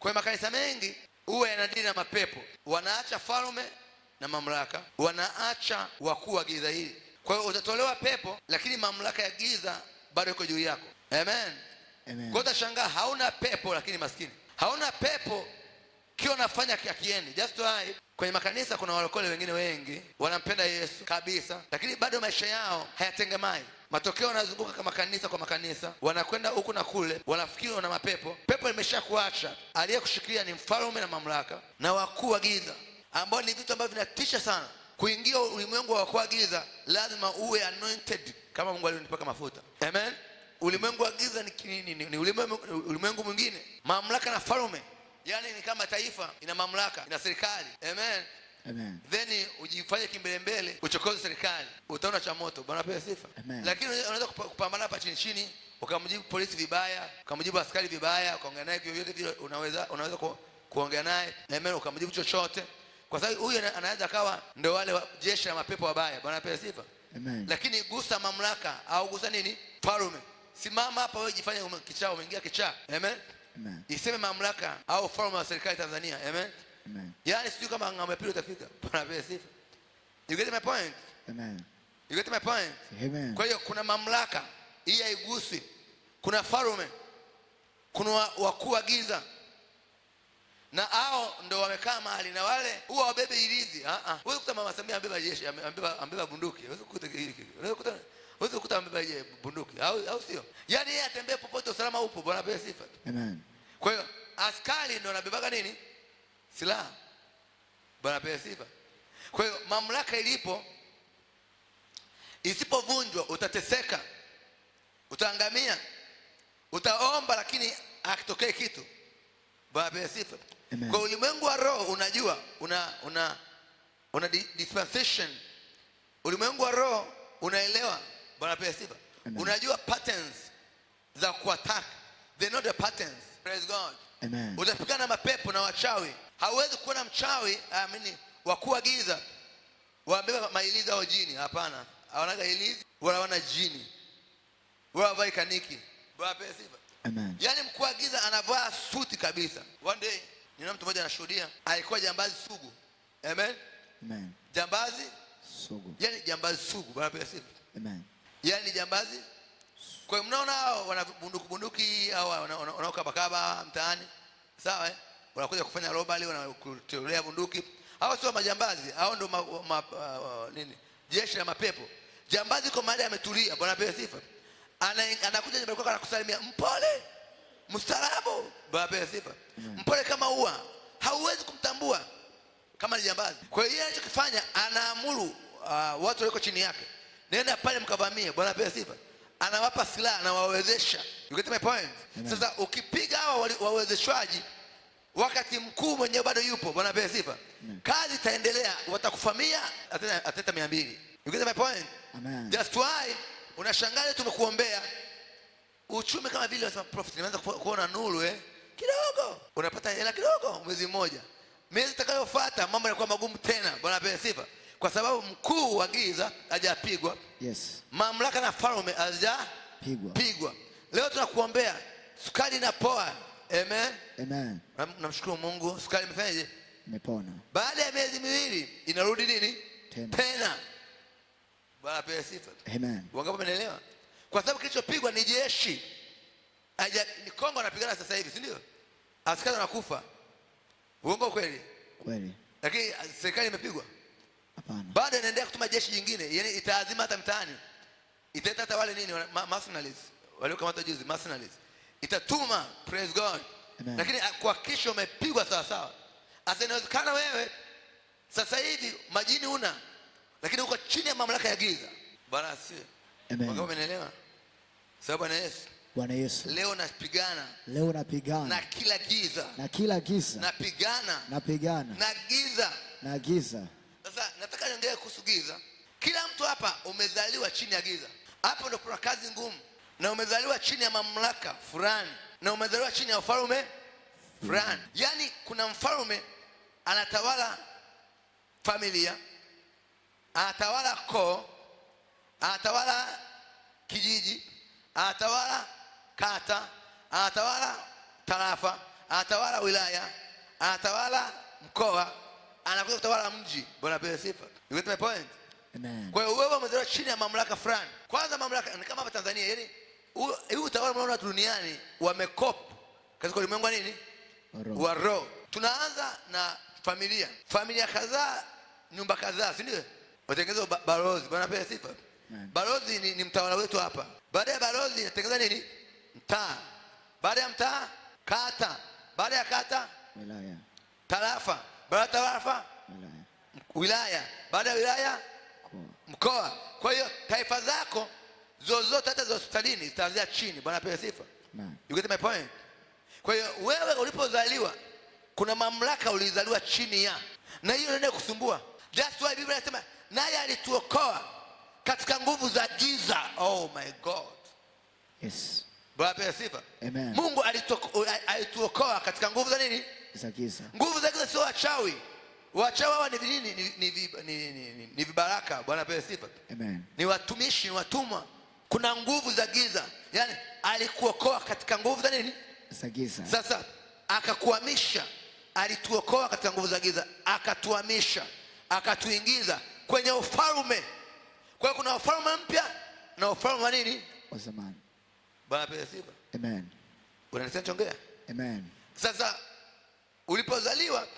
Kwa makanisa mengi huwa yanadili na mapepo, wanaacha falme na mamlaka, wanaacha wakuu wa giza hili. Kwa hiyo utatolewa pepo, lakini mamlaka ya giza bado iko juu yako. Amen, amen. Kwa utashangaa hauna pepo, lakini maskini hauna pepo, kio nafanya akieni just why Kwenye makanisa kuna walokole wengine wengi wanampenda Yesu kabisa, lakini bado maisha yao hayatengemai Matokeo wanazunguka kama kanisa kwa makanisa, wanakwenda huku na kule, wanafikiri wana mapepo. Pepo imeshakuacha. Aliyekushikilia ni mfalme na mamlaka na wakuu wa giza, ambao ni vitu ambavyo vinatisha sana. Kuingia ulimwengu wa wakuu wa giza, lazima uwe anointed kama Mungu alionipaka mafuta. Amen. Ulimwengu wa giza ni Ni, ni, ni ulimwengu mwingine, mamlaka na falme, yani ni kama taifa ina mamlaka, ina serikali. Amen. Then ujifanye kimbelembele uchokoze serikali, utaona cha moto. Bwana pewe sifa. Lakini unaweza kupambana hapa chini chini, ukamjibu polisi vibaya, ukamjibu askari vibaya, ukaongea naye vyovyote vile, unaweza unaweza kuongea naye na ukamjibu chochote, kwa sababu huyu anaweza akawa ndio wale wa jeshi la mapepo wabaya. Bwana pewe sifa. Lakini gusa mamlaka au gusa nini? Farume. Simama hapa wewe, jifanye kichaa, umeingia kichaa. Amen. Amen. Iseme mamlaka au farume wa serikali Tanzania. Amen yani sijui kama ng'ambo ya pili utafika. Bwana apewe sifa. You get my point? Amen. You get my point? Amen. Kwa hiyo kuna mamlaka hii haiguswi. Kuna farume. Kuna wakuu wa giza. Na hao ndo wamekaa mahali na wale huwa wabebe ilizi. Ah ah. Wewe kuta Mama Samia amebeba jeshi, amebeba amebeba bunduki. Wewe kuta wewe kuta wewe kuta amebeba je bunduki. Au au sio? Yaani yeye atembee popote usalama upo. Bwana apewe sifa. Amen. Kwa hiyo askari ndo anabebaga nini? silaha. Bwana apewe sifa. Kwa hiyo mamlaka ilipo, isipovunjwa utateseka, utaangamia, utaomba lakini akitokee kitu. Bwana apewe sifa. Kwa ulimwengu wa roho unajua una, una, una dispensation. Ulimwengu wa roho unaelewa. Bwana apewe sifa. Unajua patterns za kuattack. They know the patterns. Praise God. Utapigana mapepo na wachawi. Hauwezi kuona mchawi amini, ah, wakuwa giza wabeba mailizi au jini. Hapana, hawanaga ilizi wala wana jini wala vai kaniki sifa. Amen. yani mkuu wa giza anavaa suti kabisa. One day nina mtu mmoja anashuhudia, alikuwa jambazi sugu. Amen. Amen. Jambazi sugu, yani jambazi sugu. Bwana apewe sifa. Amen. yani jambazi kwa hiyo mnaona hao wana bunduki bunduki au wanaokabakaba mtaani, sawa eh? wanakuja kufanya robali, kutolea bunduki. Hao sio majambazi, hao ndo ma, ma, uh, nini, jeshi la mapepo. Jambazi kwa mahali ametulia, Bwana apewe sifa, anakuja nyumbani kwako, anakusalimia mpole, mstaarabu, Bwana apewe sifa, hmm. mpole kama ua, hauwezi kumtambua kama ni jambazi. Kwa hiyo yeye anachokifanya anaamuru uh, watu walioko chini yake, nenda pale mkavamie, Bwana apewe sifa anawapa silaha, anawawezesha. You get my point? Sasa ukipiga hawa wawezeshwaji wakati mkuu mwenyewe bado yupo. Bwana pewe sifa. Mm. Kazi itaendelea, watakufamia ateta mia mbili. You get my point? Amen. That's why unashangaa tumekuombea uchumi kama vile unasema profit, nimeanza kuona nuru eh, kidogo unapata hela kidogo, mwezi mmoja, miezi itakayofuata mambo yanakuwa magumu tena. Bwana pewe sifa, kwa sababu mkuu wa giza hajapigwa. Yes. mamlaka na falme hazijapigwa pigwa. Leo tunakuombea sukari na poa Amen. Amen. Namshukuru Mungu, sukari imefanyaje? Imepona. Baada ya miezi miwili inarudi nini? Tena. Tena. Amen. Kwa sababu kilichopigwa ni jeshi. ni Kongo anapigana sasa hivi, si Askari wanakufa. Uongo kweli? Lakini ah, serikali imepigwa? Bado inaendelea kutuma jeshi jingine, yaani, itaazima hata mtaani. Italeta hata wale nini, juzi, itatuma praise God. Amen. Lakini ah, kuhakikisha umepigwa sawasawa. Sasa inawezekana wewe sasa hivi majini una, lakini uko chini ya mamlaka ya giza. Bwana asifiwe. Amen. Umeelewa? Sababu na Yesu Bwana Yesu. Leo napigana. Leo napigana. Na kila giza. Na kila giza. Napigana. Napigana. Na giza. Na giza. Sasa nataka niongee kuhusu giza. Kila mtu hapa umezaliwa chini ya giza. Hapo ndio kuna kazi ngumu na umezaliwa chini ya mamlaka fulani na umezaliwa chini ya ufalme fulani. Yaani kuna mfalme anatawala familia, anatawala koo, anatawala kijiji, anatawala kata, anatawala tarafa, anatawala wilaya, anatawala mkoa, anakuja kutawala mji. Bwana pewe sifa. point? Kwa hiyo wewe umezaliwa chini ya mamlaka fulani. Kwanza mamlaka ni kama hapa Tanzania, yaani huu utawala mnaona duniani wamekopa katika ulimwengu wa nini wa roho. Tunaanza na familia, familia kadhaa, nyumba kadhaa, si ndio? Watengeneza balozi, Bwana apewe sifa. Balozi ni, ni mtawala wetu hapa. Baada ya balozi inatengeneza nini? Mtaa. Baada ya mtaa, kata. Baada ya kata, wilaya, tarafa. Baada ya tarafa, wilaya. Baada ya wilaya, mkoa. Kwa hiyo taifa zako zozote, hata za hospitalini zitaanzia chini. Bwana apewe sifa. You get my point? Kwa hiyo wewe ulipozaliwa kuna mamlaka ulizaliwa chini ya, na hiyo inaenda kusumbua. That's why Biblia inasema naye alituokoa katika nguvu za giza. Oh my God. Yes. Bwana apewe sifa. Amen. Mungu alituokoa katika nguvu za nini? Za giza. Nguvu za giza sio wachawi. Wachawi hawa ni nini? Ni vibaraka. Bwana apewe sifa. Amen. Ni watumishi, ni watumwa kuna nguvu za giza, yani alikuokoa katika nguvu za nini? Za giza. Sasa akakuhamisha, alituokoa katika nguvu za giza, akatuhamisha, akatuingiza kwenye ufalme. Kwa hiyo kuna ufalme mpya na ufalme wa nini? Wa zamani. Bwana apewe sifa. Amen. Unanisikia nikiongea? Amen. Sasa ulipozaliwa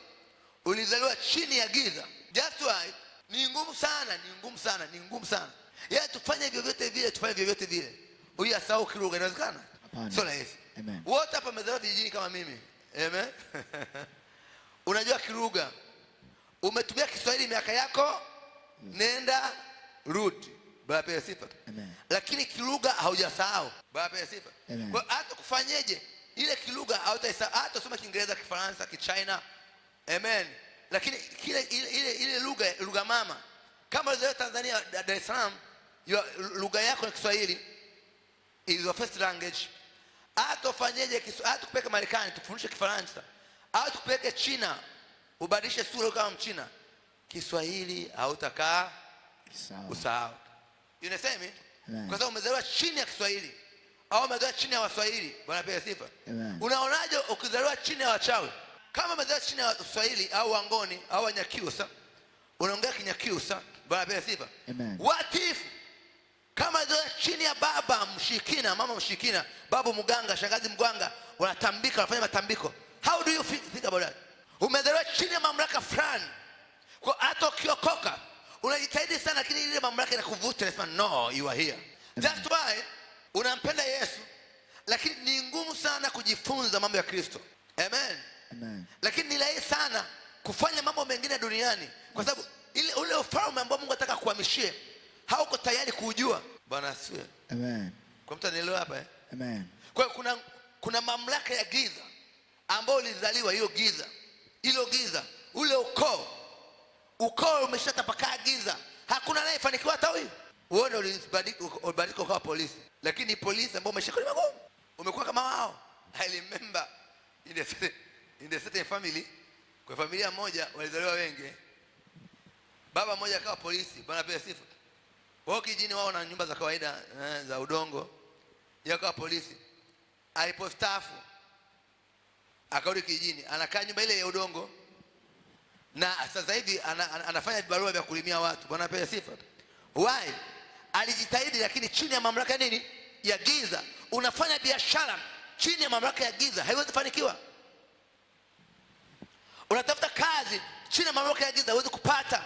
ulizaliwa chini ya giza. just why ni ngumu sana, ni ngumu sana, ni ngumu sana yeye tufanye vyovyote vile, tufanye vyovyote vile. Huyu asahau kile kilugha inawezekana? Sio rahisi. Amen. Wote hapa mmezaliwa vijijini kama mimi. Amen. Unajua Kiruga. Umetumia Kiswahili miaka yako, nenda rudi. Baba pia sifa. Amen. Lakini Kiruga haujasahau. Baba pia sifa. Kwa hata kufanyeje ile Kiruga hautaisahau. Hata soma Kiingereza, Kifaransa, Kichina. Amen. Lakini kile ile ile lugha lugha mama kama zote Tanzania Dar es Salaam lugha yako ya Kiswahili is your first language. Hata ufanyeje, hata tukupeke Marekani tufundishe Kifaransa, hata tukupeke China ubadilishe sura kama Mchina, Kiswahili hautakaa usahau. You understand me? kwa sababu umezaliwa chini ya Kiswahili au umezaliwa chini ya Waswahili. Bwana pia sifa. Unaonaje ukizaliwa chini ya wachawi? Kama umezaliwa chini ya Waswahili au Wangoni au Wanyakyusa, unaongea Kinyakyusa. Bwana pia sifa, What if kama chini ya baba mshikina, mama mshikina, babu mganga, shangazi mganga wanatambika, wanafanya matambiko. How do you think about that? umedhelewa chini ya mamlaka fulani, kwa hata ukiokoka unajitahidi sana, lakini ile mamlaka inakuvuta, nasema no, you are here. That's why unampenda Yesu, lakini ni ngumu sana kujifunza mambo ya Kristo. Amen. Amen. Lakini ni rahisi sana kufanya mambo mengine duniani, kwa sababu ile ule ufalme ambao Mungu anataka kuhamishie hauko tayari kuujua. Bwana asifiwe. Amen. Kwa mtu anaelewa hapa eh? Amen. Kwa hiyo kuna, kuna mamlaka ya giza ambayo ilizaliwa hiyo giza, hilo giza, ule ukoo, ukoo umeshatapakaa giza, hakuna anayefanikiwa hata huyu. Uone ulibadilika ukawa polisi, lakini polisi ambao umeshakoni magumu umekuwa kama wao. I remember in the, in the certain family, kwa familia moja walizaliwa wengi, baba mmoja akawa polisi. Bwana pia sifa wao kijijini wao na nyumba za kawaida eh, za udongo. Yakawa polisi alipostafu akarudi kijijini, anakaa nyumba ile ya udongo, na sasa hivi ana, ana, anafanya vibarua vya kulimia watu. Bwana apewe sifa. Why? Alijitahidi, lakini chini ya mamlaka nini ya giza. Unafanya biashara chini ya mamlaka ya giza, haiwezi kufanikiwa. Unatafuta kazi chini ya mamlaka ya giza, huwezi kupata.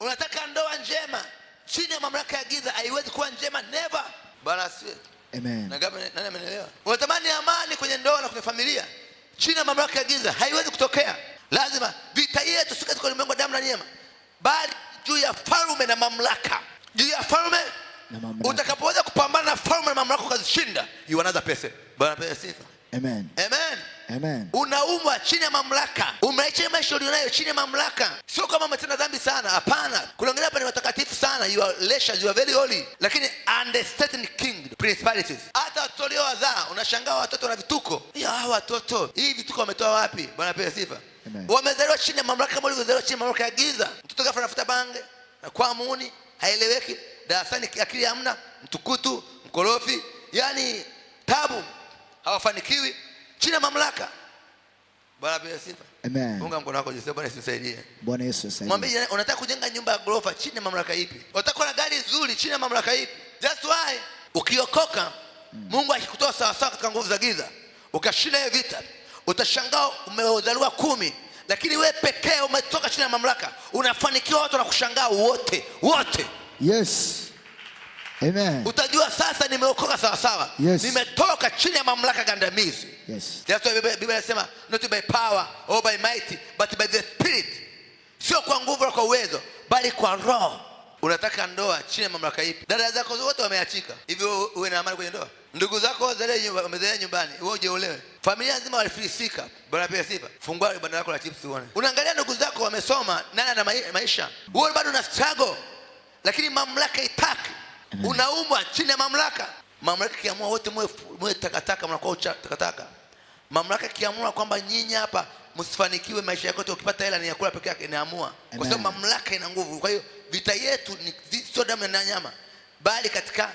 Unataka ndoa njema chini ya mamlaka ya giza haiwezi kuwa njema. Never. Bwana Amen. Na nani amenielewa? Unatamani amani kwenye ndoa na kwenye familia, chini ya mamlaka ya giza haiwezi kutokea. Lazima vita yetu sikati katika ulimwengu wa damu na nyama, bali juu ya falme na mamlaka. Juu ya falme na mamlaka. Utakapoweza kupambana na falme na mamlaka ukazishinda, you another person. Bwana asifiwe. Amen. Amen. Unaumwa chini ya mamlaka, umeisha maisha ulionayo chini ya mamlaka. Sio kama umetenda dhambi sana, hapana. kunaongelea hapa ni watakatifu sana, you are righteous, you are very holy, lakini king principalities. Hata watoto uliowazaa unashangaa, watoto na vituko. Hawa watoto hii vituko wametoa wapi? Bwana apewe sifa. Wamezaliwa chini ya mamlaka kama ulivyozaliwa chini ya mamlaka ya giza. Mtoto ghafla anafuta bange na kwa muuni, haieleweki darasani, akili hamna, mtukutu, mkorofi, yani tabu, hawafanikiwi chini ya mamlaka. Bwana apewe sifa. Amen. Unga mkono wako Bwana usisaidie. Bwana Yesu saidie. Mwambie unataka kujenga nyumba ya gorofa chini ya mamlaka ipi? Unataka kuwa na gari zuri chini ya mamlaka ipi? That's why ukiokoka mm. Mungu akikutoa sawa sawa katika nguvu za giza ukashinda hiyo vita, utashangaa umezaliwa kumi, lakini we pekee umetoka chini ya mamlaka, unafanikiwa, watu wanakushangaa wote wote. Yes. Amen. Utajua sasa nimeokoka sawa sawa. Yes. Nimetoka chini ya mamlaka gandamizi. Yes. Biblia inasema not by power or by might but by the spirit. Sio kwa nguvu wala kwa uwezo bali kwa roho. Unataka ndoa chini ya mamlaka ipi? Dada zako wote wameachika. Hivyo uwe na amani kwenye ndoa. Ndugu zako wamezalia nyumbani, wewe uje Familia nzima walifilisika. Bwana pia sifa. Fungua banda lako la chips uone. Unaangalia ndugu zako wamesoma, nani na maisha? Wewe bado una struggle. Lakini mamlaka itaki Mm-hmm. Unaumwa chini ya mamlaka. Mamlaka ikiamua wote mwe takataka, mnakuwa takataka. Mamlaka ikiamua kwamba nyinyi hapa msifanikiwe maisha yako yote, ukipata hela ni yakula peke yake, inaamua, kwa sababu mamlaka ina nguvu. Kwa hiyo vita yetu ni sio damu na nyama, bali katika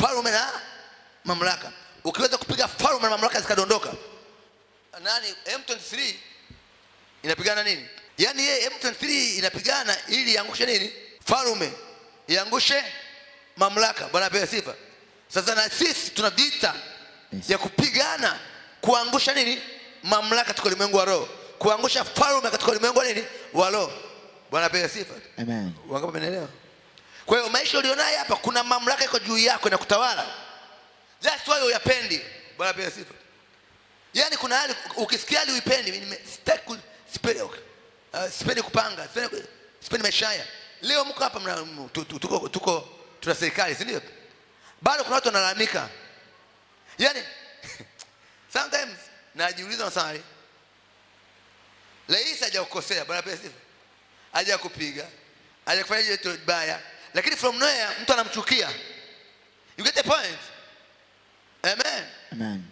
falme na mamlaka. Ukiweza kupiga falme na mamlaka zikadondoka, nani M23 inapigana nini? Yaani yeye M23 inapigana ili iangushe nini? Falme iangushe mamlaka. Bwana apewe sifa. Sasa na sisi tuna vita yes, ya kupigana kuangusha nini mamlaka katika ulimwengu wa roho, kuangusha falme katika ulimwengu wa nini wa roho. Bwana apewe sifa. Amen. Wangapi wanaelewa? Kwa hiyo maisha ulionayo hapa kuna mamlaka iko juu yako na kutawala. That's why uyapendi. Bwana apewe sifa. Yaani kuna hali ukisikia hali uipendi, mimi sipendi ah, sipendi kupanga, sipendi maisha haya. Leo mko hapa mna tuko tuko tuna serikali, si ndio? Bado kuna watu wanalalamika, yaani sometimes najiuliza sana, rais hajakukosea bwana, pesa Haja kupiga. Haja kufanya jitu baya, lakini from nowhere mtu anamchukia. You get the point? Amen. Amen.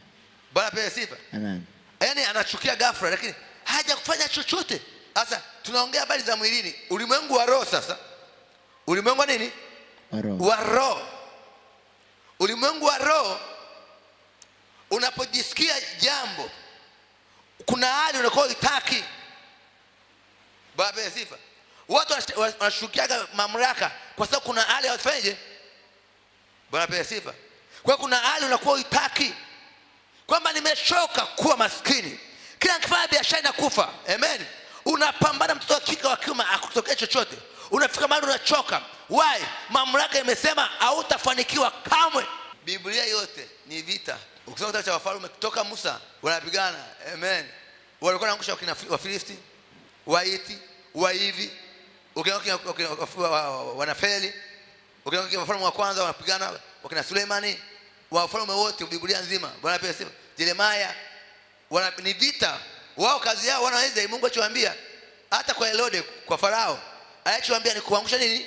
Bwana pesa sifa. Amen. Yaani anachukia ghafla lakini haja kufanya chochote. Sasa tunaongea habari za mwilini, ulimwengu wa roho sasa. Ulimwengu wa nini? wa roho. Ulimwengu wa roho, unapojisikia jambo, kuna hali unakuwa itaki. Baba ya sifa, watu wanashukiaga mamlaka kwa sababu kuna hali hawafanyeje. Baba ya sifa, kwa kuna hali unakuwa itaki kwamba nimechoka kuwa maskini, kila nikifanya biashara inakufa. Amen. Unapambana mtoto wa kike wa kiume akutokea chochote, unafika mahali unachoka Why? Mamlaka imesema hautafanikiwa kamwe. Biblia yote ni vita. Ukisoma kitabu cha Wafalme kutoka Musa, wanapigana amen. Walikuwa naangusha wakina Wafilisti, Waiti, Waivi, wanafeli. Ukiona Wafalme wa kwanza wanapigana wakina Sulemani, wafalme wote Biblia nzima, Bwana pia sema wana ni vita wao, kazi yao wanaweza. Mungu achoambia hata kwa Herode, kwa Farao, alichoambia ni kuangusha nini?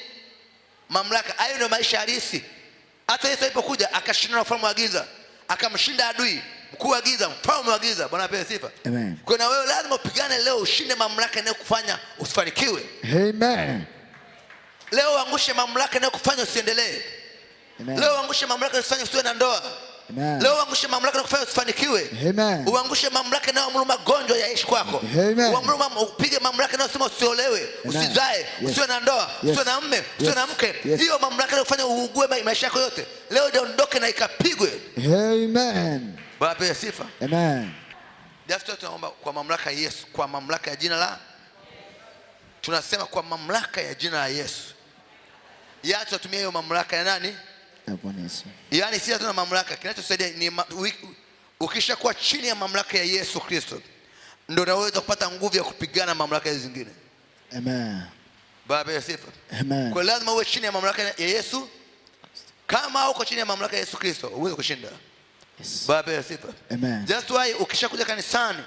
mamlaka. Hayo ndio maisha halisi. Hata Yesu alipokuja akashindana na ufalme wa giza, akamshinda adui mkuu wa giza, mfalme wa giza. Bwana apewe sifa. Amen. Kwa na wewe lazima upigane leo, ushinde mamlaka inayokufanya usifanikiwe. Amen. Leo uangushe mamlaka inayokufanya usiendelee. Leo uangushe mamlaka inayokufanya usiwe na ndoa. Leo uangushe mamlaka na kufanya usifanikiwe. Uangushe mamlaka na amuru magonjwa yaishi kwako. Upige mamlaka na usema usiolewe, usizae, usiwe na ndoa, usiwe na mme, usiwe na mke. Hiyo mamlaka na kufanya uugue maisha yako yote. Leo iondoke na ikapigwe. Amen. Baba ya sifa. Amen. Tunaomba kwa mamlaka ya Yesu, kwa mamlaka ya jina la tunasema kwa mamlaka ya jina la Yesu. Yacha tumia hiyo mamlaka ya nani? Yaani sisi hatuna mamlaka, kinachosaidia ni ma, ukishakuwa chini ya mamlaka ya Yesu Kristo ndio unaweza kupata nguvu ya kupigana mamlaka hizo zingine. Amen. Baba ya sifa. Amen. Kwa lazima uwe chini ya mamlaka ya Yesu. Kama uko chini ya mamlaka ya Yesu Kristo uweze kushinda. Yes. Baba ya sifa. Amen. Just why ukishakuja kanisani,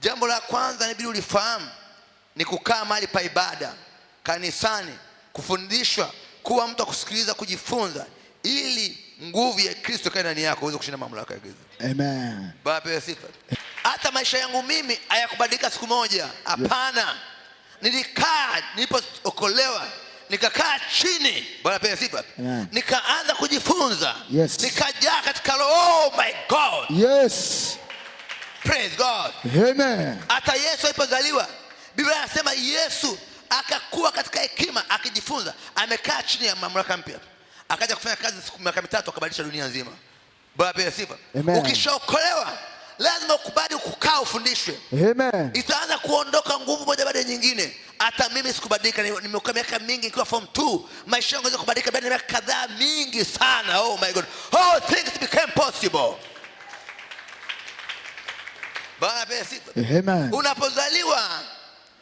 jambo la kwanza inabidi ulifahamu ni kukaa mahali pa ibada kanisani, kufundishwa, kuwa mtu wa kusikiliza, kujifunza nguvu ya Kristo kae ndani yako uweze kushinda mamlaka ya giza. Amen. Baba pewe sifa. Hata maisha yangu mimi hayakubadilika siku moja, hapana. Nilikaa nilipookolewa nikakaa chini, Bwana pewe sifa, nikaanza kujifunza yes. Nikajaa katika roho. Oh my God. Yes. Praise God. Amen. Hata Yesu alipozaliwa Biblia inasema Yesu akakuwa katika hekima akijifunza, amekaa chini ya mamlaka mpya akaja kufanya kazi siku miaka mitatu akabadilisha dunia nzima. Bwana apewe sifa. Ukishaokolewa lazima ukubali kukaa ufundishwe. Amen. Itaanza kuondoka nguvu moja baada ya nyingine. Hata mimi sikubadilika, nimekaa miaka mingi nikiwa form 2. Maisha yangu kubadilika baada ya miaka kadhaa mingi sana. Oh my God. Oh, things became possible. Bwana apewe sifa. Amen. Unapozaliwa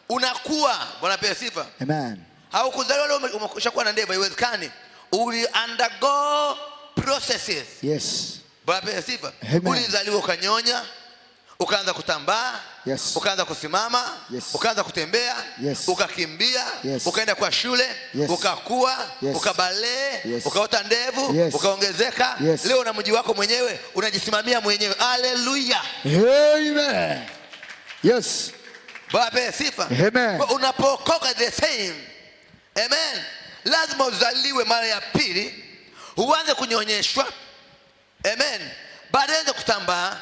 unakuwa. Bwana apewe sifa. Amen. Haukuzaliwa leo umeshakuwa na ndevu, haiwezekani uli undergo processes. Yes. Baba Ulizaliwa ukanyonya, ukaanza kutambaa, yes. Ukaanza kusimama, yes. Ukaanza kutembea, yes. Ukakimbia, yes. Ukaenda kwa shule, yes. Ukakua, yes. Ukabalee, yes. Ukaota ndevu, yes. Ukaongezeka, yes. Leo na mji wako mwenyewe, unajisimamia mwenyewe. aleluya Amen. Yes. Baba sifa. Unapokoka the same. Amen lazima uzaliwe mara ya pili, uanze kunyonyeshwa, amen. Baadaye anze kutambaa,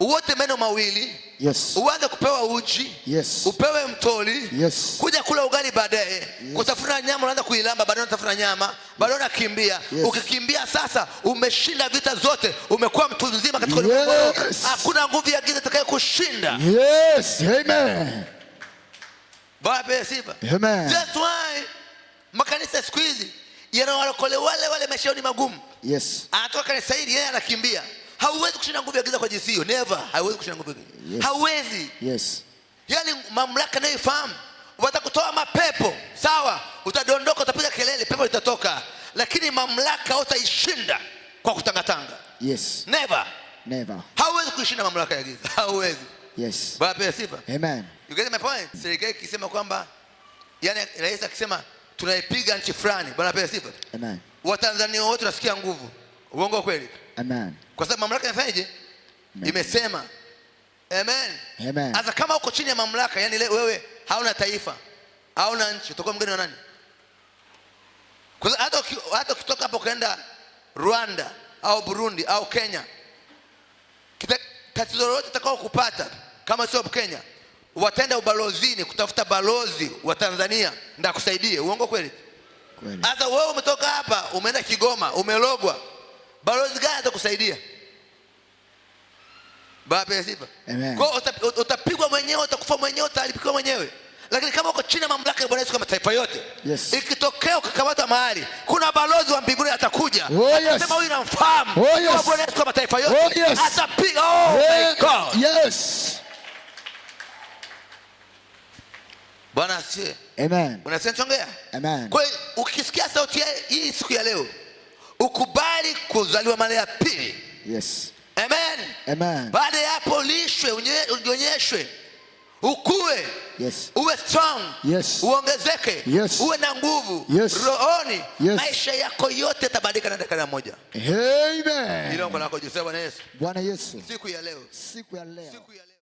uote meno mawili, yes. Uanze kupewa uji, yes. Upewe mtoli, yes. Kuja kula ugali baadaye, yes. Kutafuna nyama, unaanza kuilamba, baadaye unatafuna nyama, baadaye unakimbia, yes. Ukikimbia sasa, umeshinda vita zote, umekuwa mtu mzima katika ulimwengu, Hakuna nguvu ya giza kushinda, yes. Amen. Baba sifa. Amen. That's why Makanisa siku hizi yanawalokole wale wale, maisha ni magumu. Yes. Anatoka kanisa hili yeye anakimbia. Hauwezi kushinda nguvu ya giza kwa jinsi hiyo. Never. Hauwezi kushinda nguvu. Yes. Hauwezi. Yes. Yaani mamlaka nayo ifahamu. Unataka kutoa mapepo, sawa? Utadondoka, utapiga kelele, pepo litatoka. Lakini mamlaka utaishinda kwa kutangatanga. Yes. Never. Never. Hauwezi kuishinda mamlaka ya giza. Hauwezi. Yes. Bwana pewe sifa. Amen. You get my point? Serikali ikisema kwamba yani rais akisema tunaipiga nchi fulani. Bwana pewe sifa. Amen. Watanzania wote tunasikia nguvu. Uongo kweli? Amen. Kwa sababu mamlaka inafanyaje? Imesema. Amen. Amen. kama uko chini ya mamlaka, yani wewe hauna taifa, hauna nchi, utakuwa mgeni wa nani? Kwa sababu hata ukitoka hapo ukaenda Rwanda au Burundi au Kenya, tatizo lolote utakao kupata kama sio Kenya wataenda ubalozini kutafuta balozi wa Tanzania ndakusaidie. Uongo kweli? Sasa wewe umetoka hapa umeenda Kigoma, umelogwa, balozi gani atakusaidia? Kwa utapigwa mwenyewe, utakufa mwenyewe, utalipikiwa mwenyewe. Lakini kama uko chini ya mamlaka ya Bwana Yesu kwa mataifa yote, yes. Ikitokea ukakamata mahali, kuna balozi wa mbinguni atakuja, oh, yes. Atasema huyu namfahamu, oh, yes. Bwana Yesu kwa mataifa yote, oh, yes. Atapiga, oh, yes. My God. Yes. Bwana asifiwe. Amen. Unasema Amen. Kwa hiyo ukisikia sauti hii siku ya leo ukubali kuzaliwa mara ya pili. Yes. Amen. Amen. Baada ya hapo ulishwe, ujionyeshwe, ukue. Yes. Uwe strong. Yes. Uongezeke. Yes. Uwe na nguvu. Yes. Rohoni. Yes. Maisha yako yote yatabadilika na dakika moja. Amen. Hilo lako Bwana Yesu. Bwana Yesu. Siku ya leo. Siku ya leo. Siku ya leo.